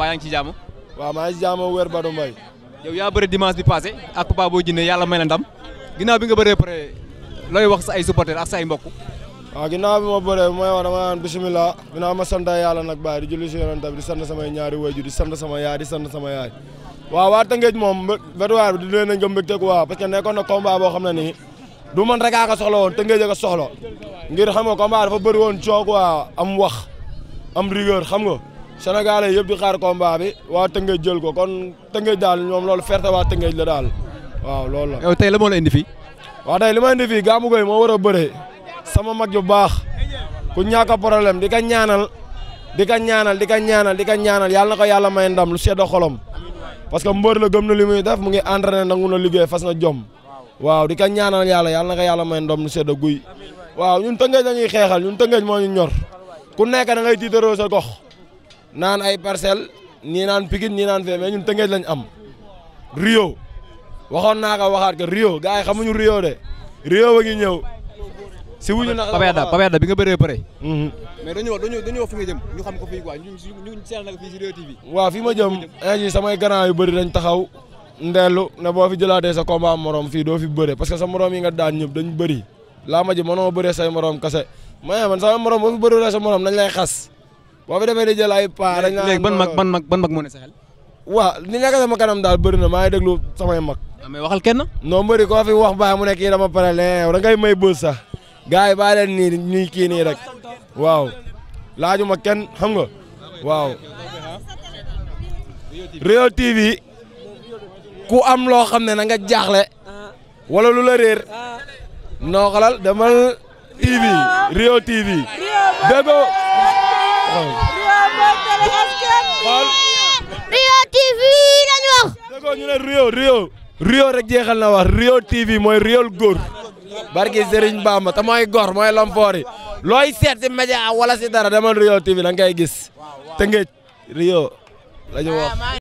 mbaa yaa ngi ci jàmm waaw maa ngi ci jàmm wér Badou Mbaye yow yaa bëre dimanche bi passé ak Papa Boy Djiné yàlla may la ndam ginnaaw bi nga bëre pare looy wax sa ay supporter ak sa ay mbokk waaw ginnaaw bi ma bëree mooy wax dama naan bisimilah ma sant yàlla nag baay di julli si yonent bi di sant samay ñaari wayju di sant sama yaay di sant sama yaay waaw waa Tëngéej moom vétuwaar bi di leen nañ ko mbégte quoi parce que nekkoon na combat boo xam ne nii du ma rek a ko soxla woon Tëngéej a ko soxla ngir xam nga combat dafa bëri woon coow quoi am wax am rigueur xam nga senegal yëpp di xaar combat bi wa Tëngéej djel ko kon Tëngéej dal, ñom loolu ferté wa Tëngéej la dal waaw loolu la. yow tay la mo la indi fi wa tey li indi fi gamu goy mo wara beure sama mag yu kunyaka ku ñàkk problème di ka ñaanal di ka ñaanal di ka ñaanal di ka ñaanal yalla nako yalla may ndam lu sedd xolom parce que mbeur la gëm na def mu ngi entraîner jom waaw di ka ñaanal yalla yalla nako yalla may ndam lu sedd guuy waaw ñun Tëngéej dañuy xéxal ñun Tëngéej mo ñu ñor ku nekk da ngay sa gox Nan ay parcel ni nan pigine ni nan fee ñun tëngeej lañ am Rio waxon naa ko ke Rio gaay xamuñu Rio de Rio ba ngi ñew si wuñu na papa da bi nga bëree hmm mais dañu dañu dañu fi nga jëm ñu xam ko fi quoi ñun ñu sel nag fi ci Rio TV wa fi ma jëm ingi samay grand yu bëri dañ taxaw ndelu na bo fi jëlaté sa combat morom fi do fi bëre parce que sa morom yi nga daan ñëp dañ bëri la ma ji mëno bëree say morom kase mais man sama morom boo fi bëri sa morom nañ lay xass boo fi demee di jël ay paa. dañ léegi ban mag ban mag ban mag sa xel. waaw li nekk sama kanam daal bëri na maa ngi déglu samay mag. Ah, mais waxal kenn. non mbëri koo fi wax baa mu nekk kii dama pare lee yow da ngay may sax gars yi baa leen nii nii kii nii rek waaw laajuma kenn xam nga waaw. Rio TV ku am loo xam ne na nga jaaxle wala lu la réer noo xalal demal TV Rio TV Rio TV lañu wax. déggoo ñu ne Rio Rio. Rio jeexal na wax Rio TV mooy Riol góor. barki Serigne Bamba te mooy gor mooy lampoor yi looy seet si média wala si dara demal Rio TV da nga koy gis te Rio la ñu